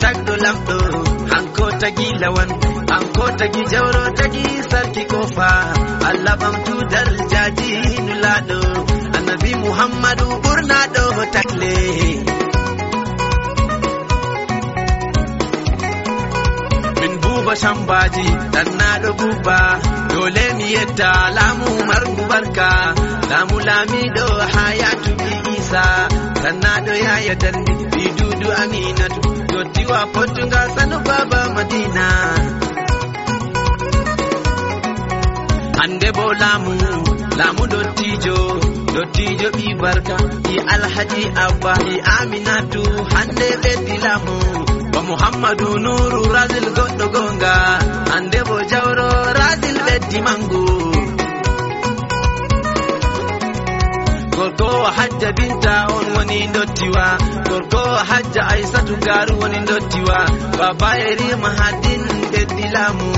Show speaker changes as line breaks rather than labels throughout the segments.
Tak tagɗo lamɗo hanko tagi lawan hanko tagi jawro tagi sarki kofa allah ɓamtudal jaji nulado, annabi muhammadu ɓurnaɗo takle min buba shambaji yadda lamu marku barka lamu lamido hayatu bi isa sannado ya yadda bi dudu aminatu dottiwa potunga sanu baba madina hande bo lamu lamu dottijo dottijo bi barka i alhaji abba i aminatu hande be lamu muhammadu nuru razil goɗɗo gonga andebo jawro razil ɓeddi mangu gorkowo hajja binta on woni dottiwa gorkowo hajja aisatu garu woni dottiwa baba yerima hadin ɓeddi lamu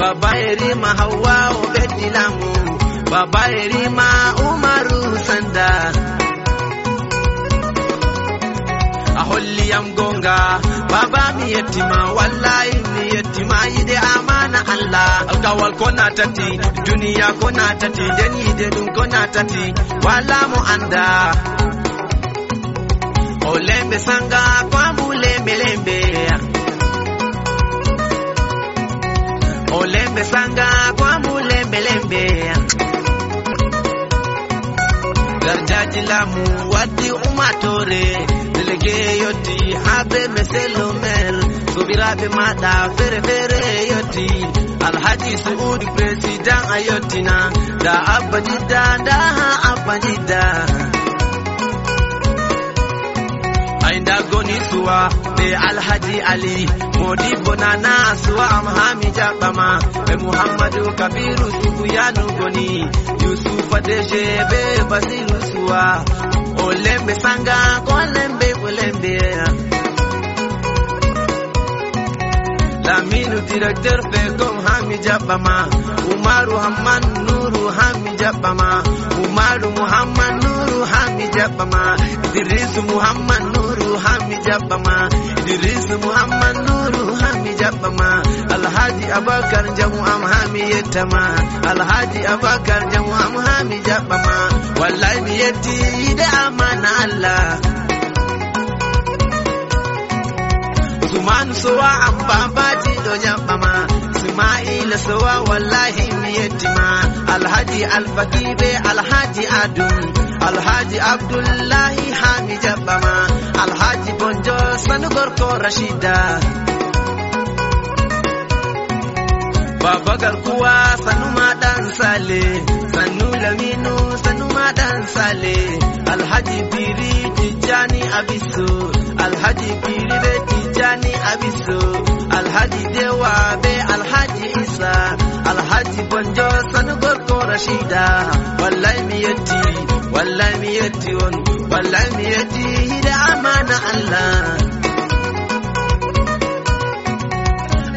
baba yerima hawwa o ɓeddi lamu baba yerima umaru sanda holli am gonga baba mi yettima wallahi mi yettima yide amana allah alkawal ko natati duniya ko natati nden yide ɗum ko natati wala mo anda o lembe sanga kwambu lembe lembe o lembe sanga kwambu lembe lembe garjaji lamu waddi umatore Rege yoti habe meselo mel Subira mada fere fere yoti Alhaji Saud president ayotina Da abadida da abadida ainda goni suwa be alhaji ali modi bonana suwa amhami jabama be muhammadu kabiru sufiyanu goni yusufa deje be basiru suwa olembe sanga kolembe NBA Laminu directeur fe gom hami Jabama, Umaru Haman Nuru hami Jabama, Umaru Muhammad Nuru hami Jabama, Idrisu Muhammad Nuru hami Jabama, Idrisu Muhammad Nuru hami jabbama Alhaji Abakar Jamu am hami yettama Alhaji Abakar Jamu am hami Jabama, Wallahi mi yetti da amana Allah Usman sowa an babaji doyan bama Ismail sowa wallahi miyetima Alhaji be Alhaji Adun Alhaji Abdullahi Hamija bama Alhaji Bonjo Sanu Gorko Rashida Baba garkuwa sanuma dan sale, sanu laminu sanuma dan sale, alhaji biri tijjani abisu, alhaji biri tijjani abiso alhaji dewa be alhaji isa alhaji bonjo sanu gorko rashida wallahi yetti wallahi yetti on wallahi yetti hida amana allah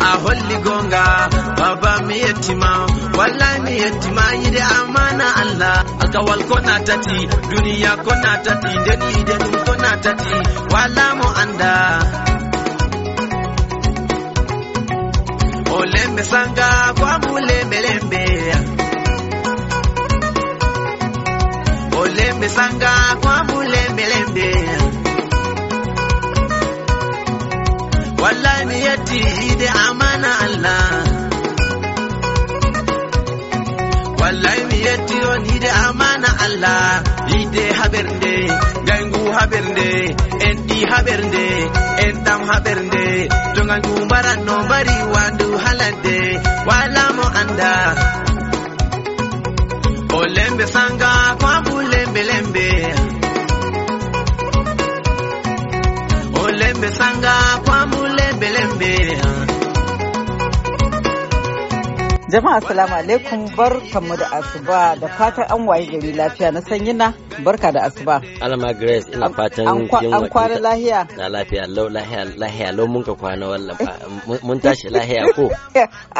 a holli gonga baba mi ma wallahi mi ma yide amana allah alkawal kona tati duniya kona tati deni deni kona tati wala mo anda mesanga kwa mulembelembe olembesanga kwa mulembelembe wallahi miyati de amana Allah wallahi miyati ni de amana Allah ide haberde gangu haberde en haberde haɓernde en ɗam haɓernde jogal ngu no bari wandu halande wala mo anda olembe sanga
Jama'a salamu alaikum bar kamu da asuba da fatan an waye gari lafiya na sanyi na barka da asuba.
Alama Grace ina fatan an kwana lahiya. Na lafiya lau lahiya lahiya lau mun ka kwana wallafa mun tashi lahiya ko.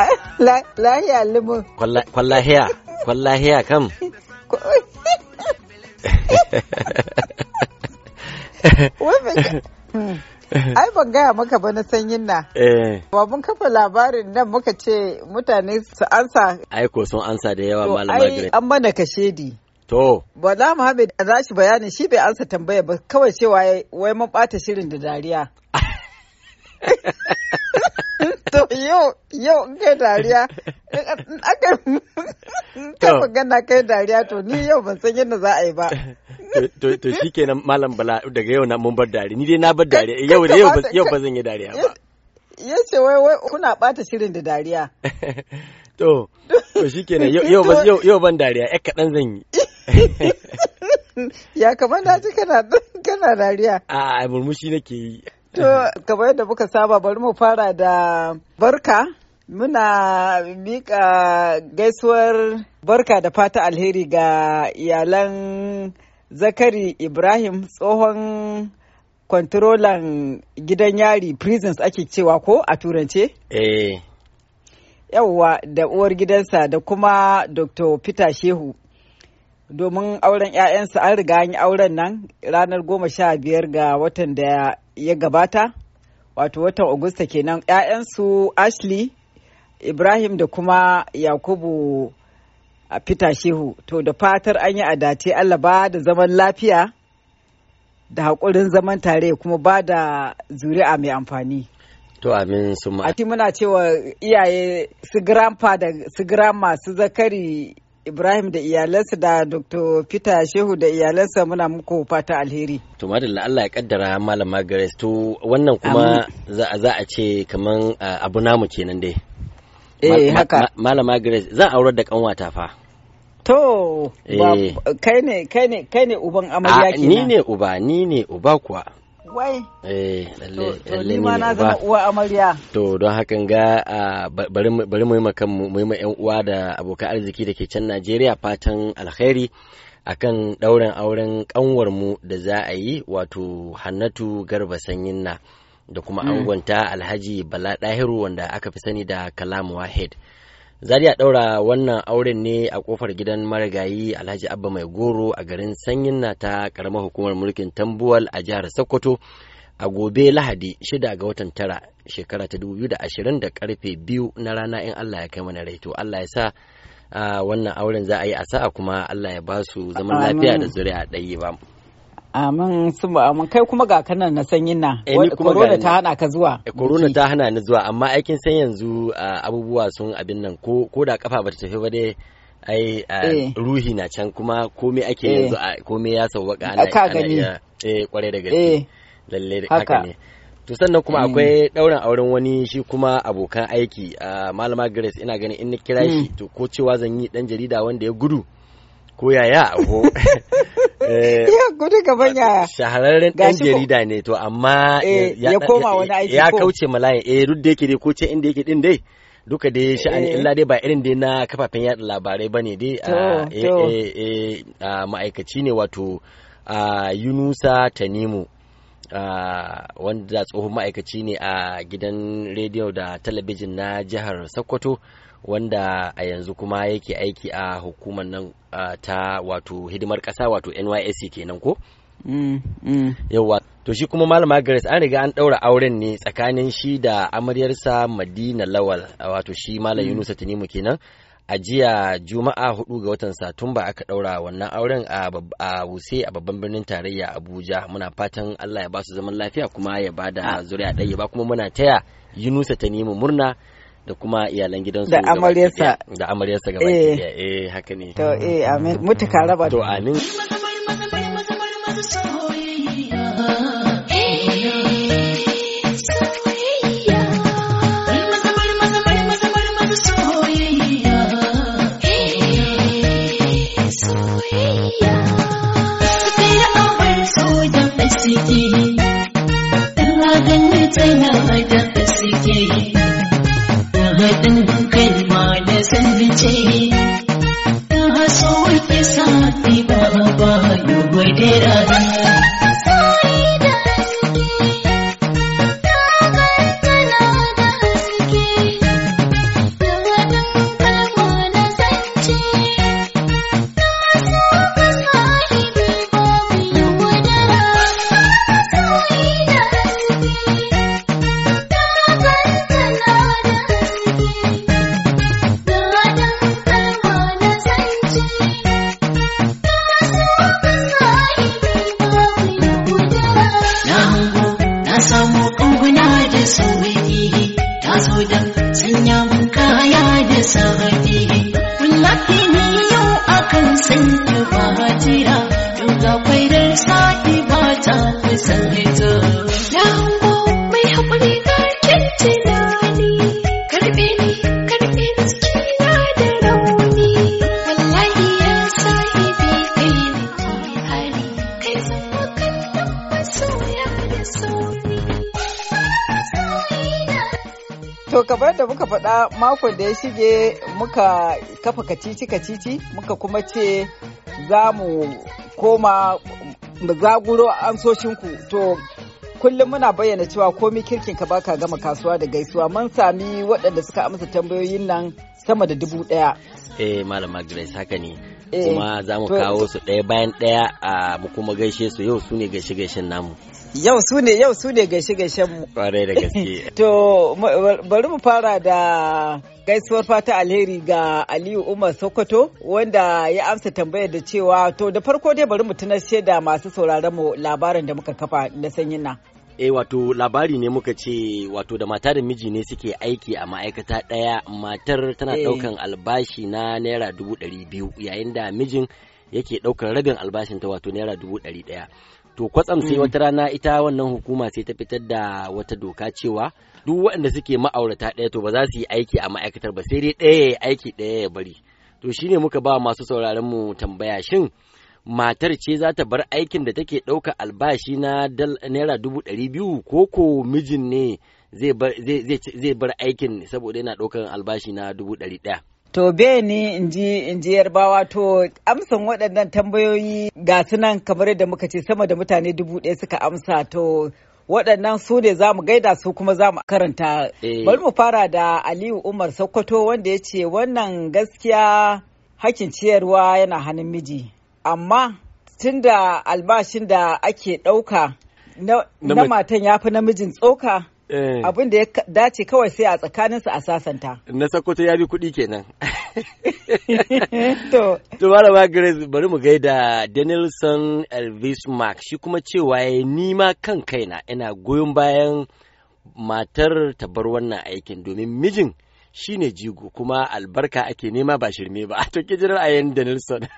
Lahiya limu.
Kwan lahiya kwan lahiya kam. Wai
ai ban gaya maka ba na sanyin na eh. ba mun kafa labarin nan muka ce mutane su ansa
ai ko sun ansa da yawa malama ai an mana kashedi To.
Bala Muhammad za shi bayani shi bai ansa tambaya ba kawai cewa wai mun bata shirin da dariya. to yau yau kai dariya aka ta magana kai dariya to ni yau ban san yadda za a yi ba
to shi kenan malam bala daga yau na mun bar dari, ni dai na bar dari yau da yau ba zan yi dariya ba
ya ce wai wai kuna bata shirin da dariya
to to shi kenan yau yau ban dariya ya kaɗan zan yi
ya kamar na ji kana dariya
a murmushi nake yi
To, kamar yadda muka saba bari mu fara da barka. Muna mika gaisuwar barka da fata alheri ga iyalan Zakari Ibrahim tsohon kwantirolan gidan yari prisons ake cewa ko a turance? Eh. Yawwa da uwar gidansa da kuma Dr. Peter Shehu. domin auren 'ya'yansa an riga an yi auren nan ranar goma sha biyar ga watan da ya gabata wato watan Agusta kenan 'ya'yansu Ashley Ibrahim da kuma Yakubu a fita shehu to da fatar an yi adace Allah ba da zaman lafiya da haƙurin zaman tare kuma ba da zuri'a mai amfani.
To amin su ma.
muna cewa iyaye su grandpa da su grandma su zakari Ibrahim da iyalansa da Dr. Peter Shehu da iyalansa muna muku fata alheri.
To madalla Allah ya kaddara malama Grace to wannan kuma za a ce kaman ah, abu namu kenan dai. Eh haka. Malama Grace za a aurar da kanwata fa.
To eh. kai ne kai ne kai ne uban amarya ah, kenan. Ni
ne uba ni ne uba kuwa. wai eh lalle ni to don hakan ga bari mu yi makan mu yi ma yan uwa da abokan arziki da ke can Najeriya fatan alkhairi akan ɗaurin auren mu da za a yi wato hannatu garba sanyin na da kuma mm. angonta alhaji bala ɗahiru wanda aka fi sani da kalam wahid Zaria ɗaura wannan auren ne a kofar gidan marigayi Alhaji Abba Mai Goro a garin Sanyin na ta ƙaramar hukumar mulkin Tambuwal a jihar Sokoto a gobe Lahadi 6 ga watan tara shekara ta 2020 da karfe biyu na rana in Allah ya kai mana rai to Allah ya sa ah, wannan auren za a yi a sa'a kuma Allah ya ba su zaman lafiya da zuri'a ɗaya ba.
Amin summa amin kai kuma ga kanan na sanyin na. Eh, korona ta hana ka zuwa. korona eh,
ta hana ni zuwa amma aikin san yanzu abubuwa sun abin nan ko ko da kafa ba ta tafi ba dai ai eh. ruhi na can kuma komai ake yanzu komai ya sauwaka ana ka gani eh kware da gaske lalle haka ne to sannan kuma akwai daurin auren wani shi kuma abokan aiki malama Grace ina ganin in na kira shi hmm. to ko cewa zan yi dan jarida wanda ya gudu ko yaya aho Eh, ya gudu gaban shahararren ɗan jarida ne to amma eh, ya kauce malayan eh duk da yake dai ko ce inda yake din dai duka dai eh. sha'ani illa dai ba irin dai na kafafen yaɗa labarai ba ne dai a ah, ah, ma'aikaci ne wato a ah, Yunusa Tanimu wanda tsohon ma'aikaci ne a gidan rediyo da talabijin na jihar Sokoto wanda a yanzu kuma yake aiki a hukumar nan ta wato hidimar ƙasa wato NYSC kenan ko? Mm, mm. To shi kuma Malama Grace an riga an ɗaura auren ne tsakanin shi da amaryarsa Madina Lawal wato shi Malam mm. Yunusa Tanimu kenan. a jiya juma'a hudu ga watan satumba aka ɗaura wannan auren a wuse a babban birnin tarayya abuja muna fatan allah ya ba su zaman lafiya kuma ya ba da ah. zuriya ɗaya ba kuma muna taya yunusa ta murna da kuma iyalan gidansu da amaryarsa da amaryarsa gaba ɗaya eh. eh haka ne
to eh amin mutaka raba to amin
Thank ba dubu da
kamar da muka faɗa makon da ya shige muka kafa kacici kacici muka kuma ce za mu koma zaguro an ansoshinku to kullum muna bayyana cewa komi kirkin ka baka gama kasuwa da gaisuwa mun sami waɗanda suka amsa tambayoyin nan sama da
dubu ɗaya. Eh malama Grace haka ne. Eh, kuma za mu kawo su ɗaya bayan ɗaya a mu kuma gaishe su yau su ne gaishe gaishen namu
yau su ne yau su ne gaishe gaishen mu
kwarai da gaske
to bari mu fara da gaisuwar fata alheri ga Aliyu Umar Sokoto wanda ya amsa tambayar da cewa to da farko dai bari mu tunashe da masu sauraron mu labarin da muka kafa na sanyin nan
eh wato labari ne muka ce wato da mata da miji ne suke aiki a ma'aikata ɗaya matar tana eh. ɗaukan albashi na naira dubu ɗari biyu yayin da mijin yake ɗaukan ragin albashin ta wato naira dubu ɗari ɗaya to kwatsam sai hmm. wata rana ita wannan hukuma sai ta fitar da wata doka cewa duk waɗanda suke ma'aurata ɗaya to ba za su yi aiki a ma'aikatar ba sai dai ɗaya ya aiki ɗaya ya bari to shine muka ba masu sauraron mu tambaya shin matar ce za ta bar aikin da take ɗauka albashi na naira dubu ɗari biyu ko ko mijin ne zai bar aikin saboda yana ɗaukan albashi na dubu ɗari ɗaya.
To be ni in ji in ji yarbawa to amsan waɗannan tambayoyi ga sunan kamar yadda muka ce sama da mutane dubu ɗaya suka amsa to waɗannan su ne za mu gaida su kuma za mu karanta. Eh. Bari mu fara da Aliyu Umar Sokoto wanda ya ce wannan gaskiya hakin ciyarwa yana hannun miji. amma tun da albashin da ake ɗauka na matan ya fi namijin tsoka
eh. abin
da ya dace kawai sai a tsakaninsu a sasanta.
Na sako ya bi kuɗi kenan. to. Malama Grace bari mu gaida Danielson Elvis Mark shi kuma cewa ya ma kan kaina ina goyon bayan matar ta bar wannan aikin domin mijin Shi ne jigo kuma albarka ake nema ba shirme ba to ki jira ayan da Nelson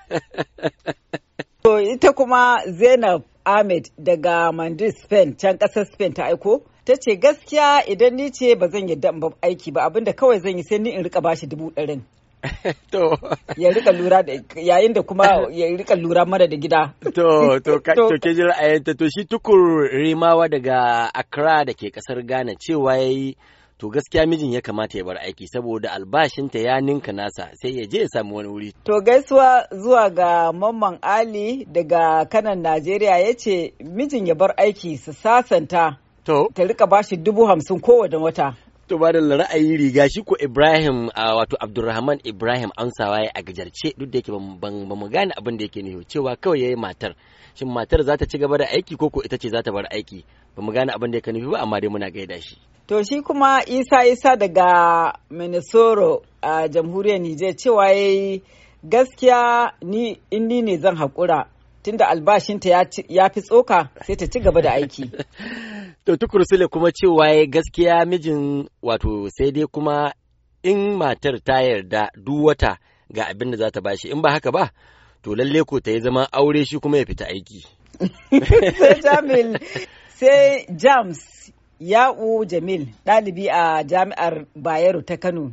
to ita
kuma Zainab Ahmed daga Madrid Spain can kasar Spain ta aiko ta ce gaskiya idan ni ce ba zan yadda ba aiki ba abinda kawai zan yi sai ni in rika bashi dubu ɗarin to ya rika lura da yayin da kuma ya rika lura mara da gida
to to to ke jira ayanta to shi tukur rimawa daga Accra da ke kasar Ghana cewa yayi to gaskiya mijin ya kamata ya bar aiki saboda albashinta ya ninka nasa sai ya je ya samu wani wuri.
To gaisuwa zuwa ga Mamman Ali daga kanan Najeriya ya ce mijin ya bar aiki su sasanta. To. Ta rika bashi dubu hamsin kowane wata.
To ba da ra'ayi riga shi ko Ibrahim wato Abdulrahman Ibrahim amsawa ya a gajarce duk da yake ban mu gane abin da yake nufi cewa kawai yayi matar. Shin matar za ta ci gaba da aiki ko ko ita ce za ta bar aiki? Ba mu gane abin da yake nufi ba amma dai muna gaida shi.
To shi kuma Isa Isa daga Minnesota a jamhuriyar Nijar cewa ya yi gaskiya ni inni ne zan haƙura tunda
albashinta ya fi tsoka sai ta ci gaba da aiki. to tukur sile kuma cewa ya gaskiya mijin wato sai dai kuma in matar ta yarda duk wata ga abin da za ta bashi in ba haka ba to lalle ko ta yi zama aure shi kuma ya fita aiki. sai
sai James Ya'u Jamil ɗalibi a jami'ar Bayero ta Kano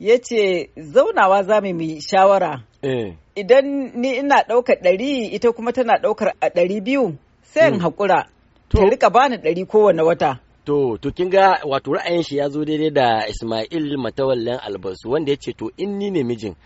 ya ce zaunawa za mu yi shawara. Eh. Idan ni ina ɗaukar ɗari ita kuma tana
ɗaukar a ɗari biyu
sai in hmm. haƙura. Ta rika bani ɗari kowane wata.
To, to kin ga wato ra'ayin shi ya zo daidai da Ismail Matawallan Albasu wanda ya ce to in ni ne mijin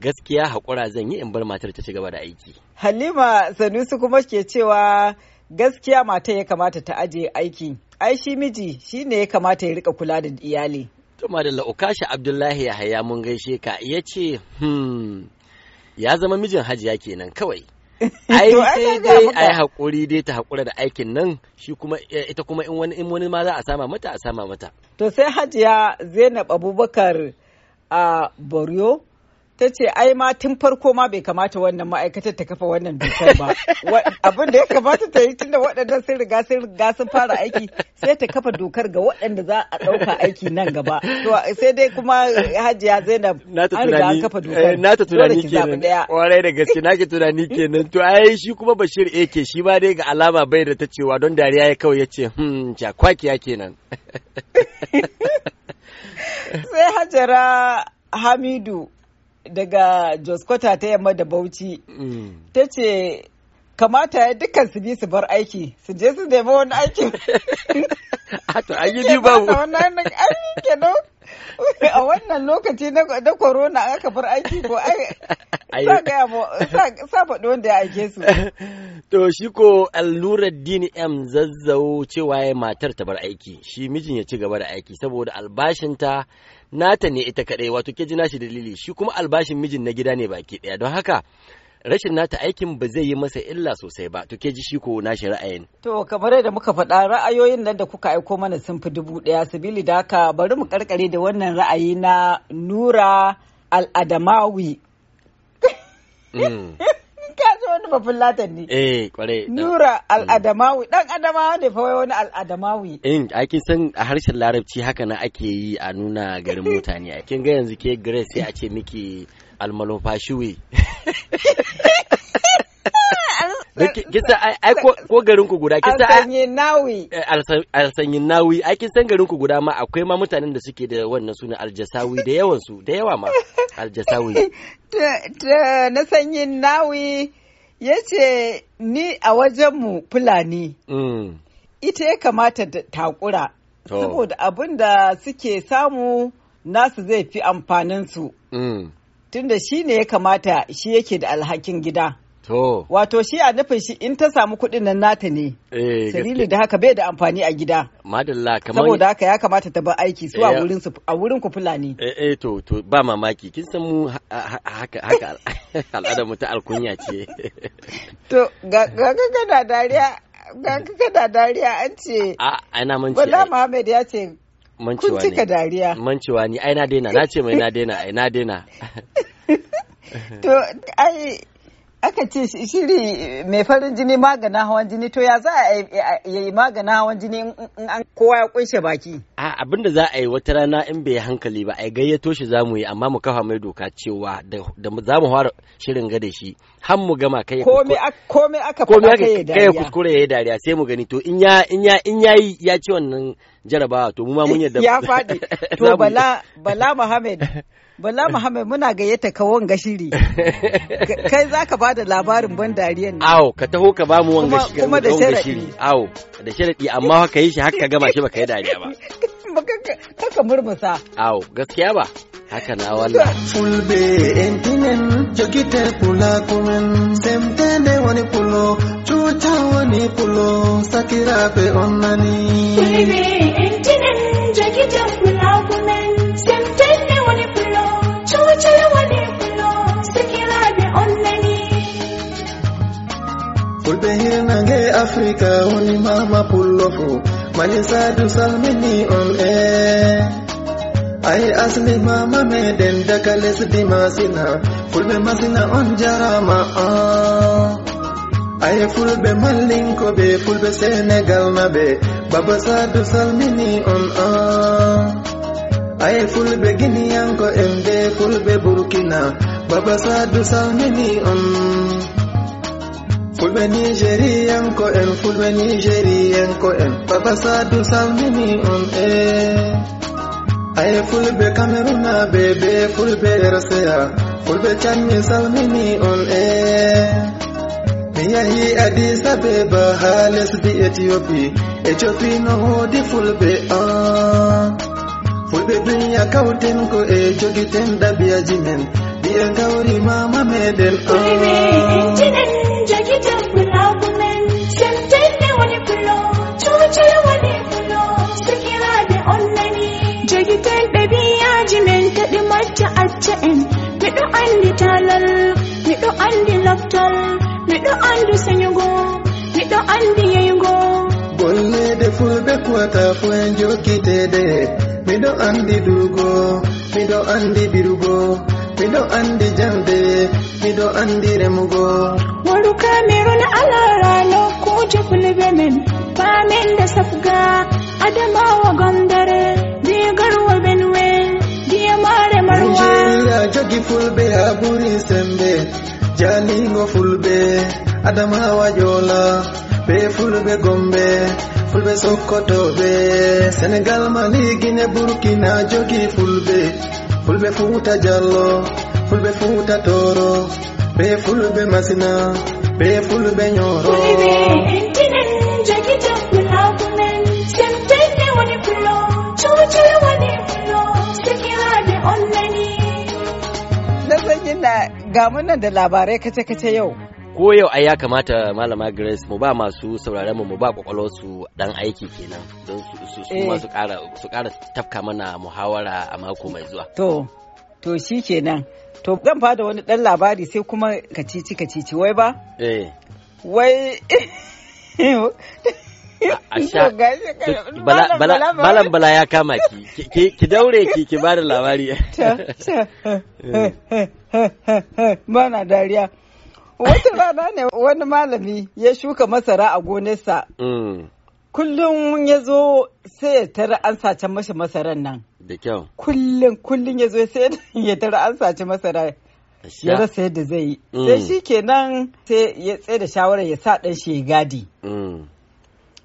gaskiya haƙura zan yi in bar matar ta ci gaba da aiki. Halima Sanusi
kuma ke cewa gaskiya mata ya kamata ta aje aiki ai shi miji shi ne ya kamata ya rika kula da iyali
to da ukashi abdullahi ya haya mun gaishe ka ya ce hmm ya zama mijin hajiya kenan kawai ai sai dai ai haƙuri, dai ta haƙura da aikin nan shi kuma eh, ita kuma in wani in wani ma za a sama mata a sama mata
to sai hajiya zainab abubakar a boryo ta ce ai ma tun farko ma bai kamata wannan ma'aikatar ta kafa wannan dokar ba abin da ya kamata ta yi tun da waɗannan sun riga sun riga sun fara aiki sai ta kafa dokar ga waɗanda za a ɗauka aiki nan gaba to sai dai kuma hajiya zainab an riga an kafa dokar eh, na ta tunani kenan
kwarai da gaske na ke tunani kenan to ai shi kuma bashir ake shi ba dai ga alama bai da ta cewa don dariya ya kawai ya ce hmm cakwakiya kenan
sai hajara hamidu daga Jos Joskota ta yamma da Bauchi. Mm. Ta ce kamata ya dukkan su bi su bar aiki su je su nemi wani aiki. A to an yi ni ba a wannan lokaci na korona aka bar aiki ko ai sa faɗi wanda ya aike su
to shi ko allurar dini m zazzau cewa ya matar ta bar aiki shi mijin ya ci gaba da aiki saboda albashinta nata ne ita kaɗai wato ke ji nashi dalili shi kuma albashin mijin na gida ne baki ɗaya don haka rashin nata aikin ba zai yi masa illa sosai ba to ke ji shi ko nashi ra'ayin
to kamar yadda muka faɗa ra'ayoyin nan da kuka aiko mana sun fi dubu ɗaya sabili da haka bari mu karkare da wannan ra'ayi na nura al'adamawi mm. ka wani babban latan
eh, nura mm.
al'adamawi dan adamawa ne fa wani al'adamawi
in ake san a harshen larabci haka na ake yi a nuna garin mutane a kin ga yanzu ke grace sai a ce miki almalofashiwe kisa ai ko garin ku guda kisa
eh,
alsanyinawi nawi ai kin san garin ku guda ma akwai ma mutanen da suke da wannan suna aljasawi da yawan su da yawa ma aljasawi
na sanyin nawi yace ni a wajen mu fulani mm. ita ya kamata da takura saboda abin da suke samu nasu zai fi amfanin su mm. tunda shi ne ya kamata shi yake da alhakin gida. To. Wato shi a nufin shi in ta samu kuɗin nan nata ne.
Eh. da
haka bai da amfani a gida.
Madalla kamar. Saboda
haka ya kamata ta bar aiki eh, su a wurin su a wurin ku
Fulani. Eh eh to to ba mamaki kin san mu haka haka al'adar mu ta alkunya ce.
To ga ga ga dariya ga ga dariya an ce. A
ana mun ce. Bala
Muhammad ya ce
mancewa ne kun dariya mancewa ni ai na daina na ce mai na daina ai na daina
to ai aka ce shiri mai farin jini maganin hawan jini to ya za a yi maganin hawan jini in an kowa ya kunshe
baki a abin da za a yi wata rana in bai hankali ba ai gayyato shi za mu yi amma mu kafa mai doka cewa da za mu fara shirin gada shi har mu gama kai komai aka komai aka kai kuskure ya yi dariya sai mu gani to in ya in ya in ya yi ya ce wannan jarabawa to mu ma mun yadda ya faɗi to bala
bala muhammed bala muhammed muna gayyata ka wanga shiri kai zaka bada labarin ban dariyan ne
awo ka taho ka ba mu wanga shiri kuma da sharadi awo da sharadi amma haka yi shi haka gama shi baka yi dariya ba
haka murmusa
awo gaskiya ba haka na
fulbe
entinen jogite kula kumen semtende wani
kulo chucha wani kulo sakira pe onnani fulbe entinen jogite kula kumen
wani afrika mama pulofu manisa du salmini on air ay asli mama meɗen daga lesdi masina fulɓe masina on jarama ah. ay fulɓe mallinkoɓe fulɓe sénégal naɓe baba sadu salmini on ah. ay fulɓe giniyanko en de fulɓe burkina baba sadu salmini on fulɓe nigériyanko en fulɓe nigériyanko en baba sadu salmini on e eh. aye fulɓe cameruna ɓe be fulɓe rsa fulɓe canmi salmini on e mi yahi adisa be ba ha lesdi etiopi etiopi no woodi fulɓe on fulɓe duniya kawten ko e eh, jogiten ɗabiyaji men ɗi e gawri mama meɗen on
ce'en miɗo andi talal miɗo andi laftal miɗo andi senyugo miɗo andi yeyugo
golleede fulɓe kuwata fu en jokkiteede miɗo andi durugo miɗo andi birugo
miɗo andi jamde miɗo andi remugo wonu cameron alara nokkuuje fulɓe men famen da safga adamawa gondare digarwa ɓe mare marwa Nigeria jogi
fulbe aburi sembe jalingo fulbe adamawa jola be fulbe gombe fulbe sokoto be senegal mali guinée burkina jogi fulbe fulbe Jalo, jallo fulbe Futa toro be fulbe masina be fulbe ñoro fulbe
Ga nan da labarai kace-kace yau.
Ko yau ai ya kamata malama Grace mu ba masu sauraron mu mu ba su dan aiki kenan don su su kara su kara eh. tafka mana muhawara a mako mai zuwa.
To to shi kenan. To zan fada wani dan labari sai kuma kacici kacici wai ba? Eh. Wai
eh, a malam bala ya kama ki ki daure ki ki bada labari
bana dariya wata rana ne wani malami ya shuka masara a gonarsa mm. kullum ya zo sai ya tara an sace mashi masaran nan da kyau kullum kullum ya zo sai ya tara an sace masara ya rasa yadda zai yi sai mm. shi kenan sai ya tsaye da shawarar ya sa ɗan shi ya gadi mm.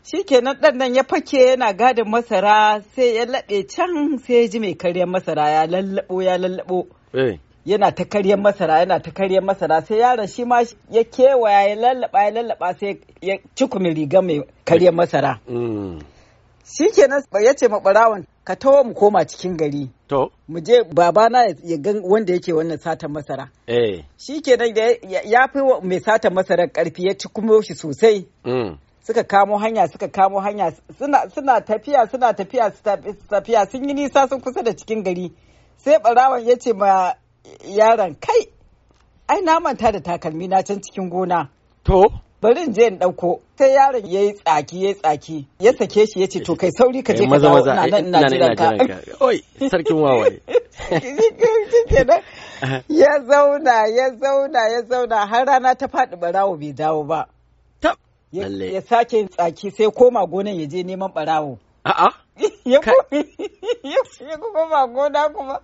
shi kenan ɗan nan ya fake yana gadin masara sai ya laɓe can sai ya ji mai karyar masara ya lallaɓo ya lallaɓo eh. yana ta karyar masara yana ta karyar masara sai yaron shi ma ya kewaya ya lallaɓa ya lallaɓa sai ya cikumi riga mai karyar masara mm. shi ya ce maɓarawan ka tawo mu koma cikin gari to mu je babana ya gan wanda yake wannan satan masara eh. shi ya fi mai satan masara ƙarfi ya ci kuma shi sosai mm. suka kamo hanya suka kamo hanya suna tafiya suna tafiya tafiya sun yi nisa sun kusa da cikin gari sai barawan ya ce ma yaron kai ai na manta da takalmi na can cikin gona to bari je in dauko sai yaron yi tsaki yi tsaki ya sake shi ya ce to kai sauri ka je eh, ka dawo ina nan eh, ina jiran ka
oi sarkin wawaye
ya zauna ya zauna ya zauna har rana ta faɗi barawo bai dawo ba ya sake tsaki sai koma gonan ya je neman barawo a'a ya koma gona kuma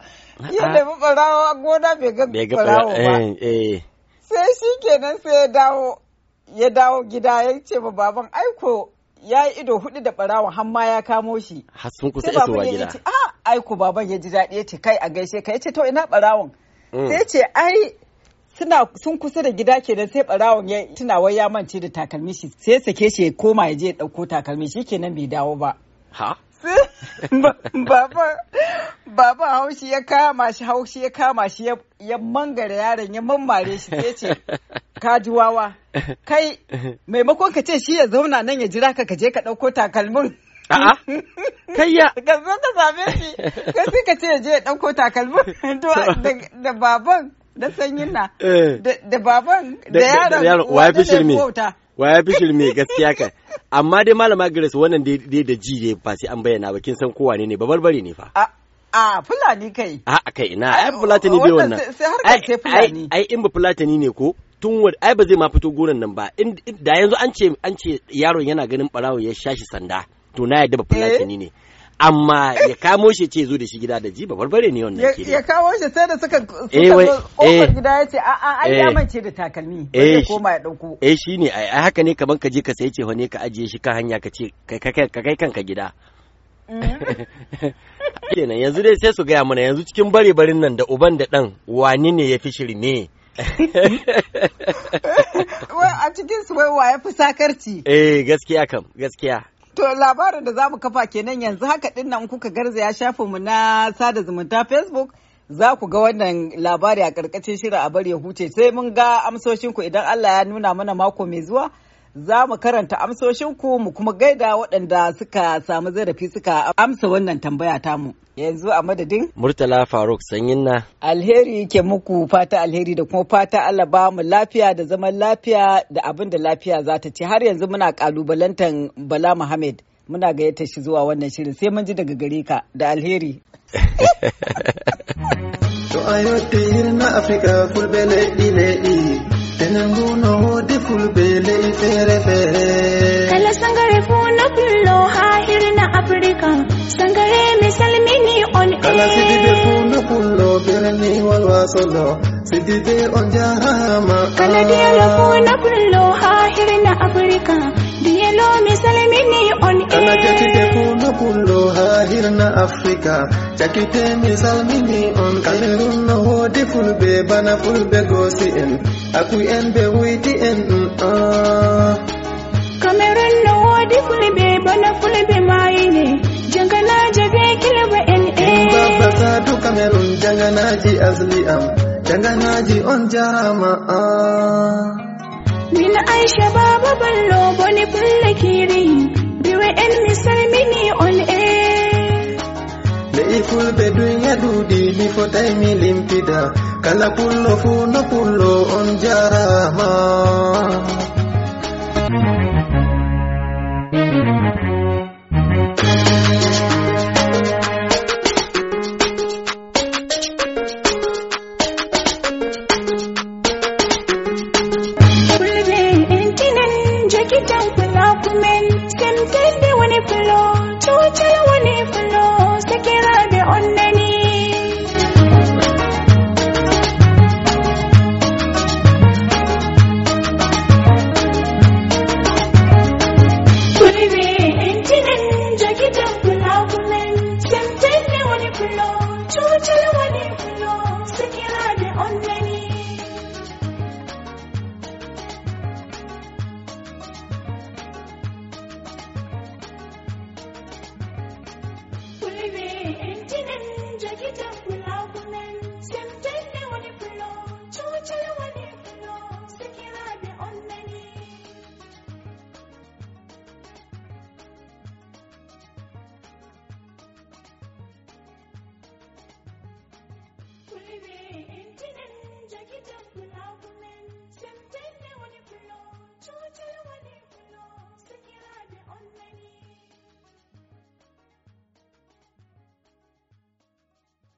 ya nemi barawo gona bai ga
barawo ba eh, eh.
sai shi kenan sai ya dawo ya dawo gida ya ce ba baban aiko ya yi ido hudu da barawon hamma ya kamo shi
Hasun sun kusa isowa gida Sai baban ya ce
aiko baban ya ji daɗi ya ce kai a gaishe ka ya ce to ina barawon mm. sai ce ai suna sun kusa da gida kenan sai barawon ya tunawar ya mance da takalmi shi sai ya sake shi ya koma ya je ya dauko takalmi shi kenan bai dawo ba ha baba baba haushi ya kama shi haushi ya kama shi ya mangare yaron ya mammare shi sai ce ka ji wawa kai maimakon ka ce shi ya zauna nan ya jira ka ka je ka dauko takalmin A'a, kayya. Ka zo ka same shi, kai sai ka ce je ya dauko takalmin da baban da sanyin na eh. da baban da yaron wa ya fi shirme
wa ya fi shirme gaskiya kai amma dai malama Grace wannan dai da ji dai ba sai an bayyana ba kin san kowa ne ne ba barbare ne fa
a fulani kai
a kai ina ai fulatani bai wannan
ai fulani
ai in ba fulatani ne ko tun wani ai ba zai ma fito gonan nan ba da yanzu an ce an ce yaron yana ganin barawo ya shashi sanda to na yadda ba eh? fulatani ne amma ya kamo shi ce zo da shi gida da ji ba barbare ne wannan ke ya
kawo shi sai da suka suka eh, eh. gida ya ce a ai ya eh. mance da takalmi ya koma ya dauko
eh shine ai haka ne kaman ka je ka sai ce ne ka ajiye shi kan hanya ka ce ka kai kanka gida kenan mm-hmm. yanzu dai sai su gaya mana yanzu cikin bare barin nan da uban da dan wani ne ya fi ne?
a cikin su wai wa ya fi sakarci
eh gaskiya kam gaskiya
To labarin da za mu kafa kenan yanzu haka din nan kuka garzaya mu na sada zumunta Facebook za ku ga wannan labari a ƙarƙashin shirin a bari ya huce sai mun ga amsoshinku idan Allah ya nuna mana mako mai zuwa. za mu karanta amsoshinku mu kuma gaida waɗanda suka samu zarafi suka amsa wannan tambaya tamu. Yanzu a madadin?
Murtala Faruk sanyin na.
Alheri ke muku fata alheri da kuma fata Allah ba mu lafiya da zaman lafiya da abin da lafiya za ta ce har yanzu muna kalubalantan Bala Muhammad. Muna gayyata shi zuwa wannan shirin sai mun ji daga gare ka da alheri. To ayo na
Afirka kulbe leɗi leɗi Tenanguno deful bele fere
fere. Kala sangare funa pullo ha hirna Afrika. Sangare misalmi ni on air. Kala sidide
funa pullo ni walwa solo.
de on jahama. Kala ah. diyalo funa pullo ha hirna Afrika. Diyalo misalmi ni on air. Kala jatide
funa pullo ha hirna Afrika. Jakite misalmi ni on Kala Kamerun na hodi fulbe bana fulbe gosi en. akuyen be witi en
kamerun na wodi fulbe bana fulbe mai ne jangana jabe kilba en eh
babba sadu kamerun jangana ji azli am
jangana ji on jarama min aisha baba ballo bani fulle kiri biwe en misal mini on eh
le ifulbe duniya dudi mi fotai mi limpida Kala pullo funo pullo on jarama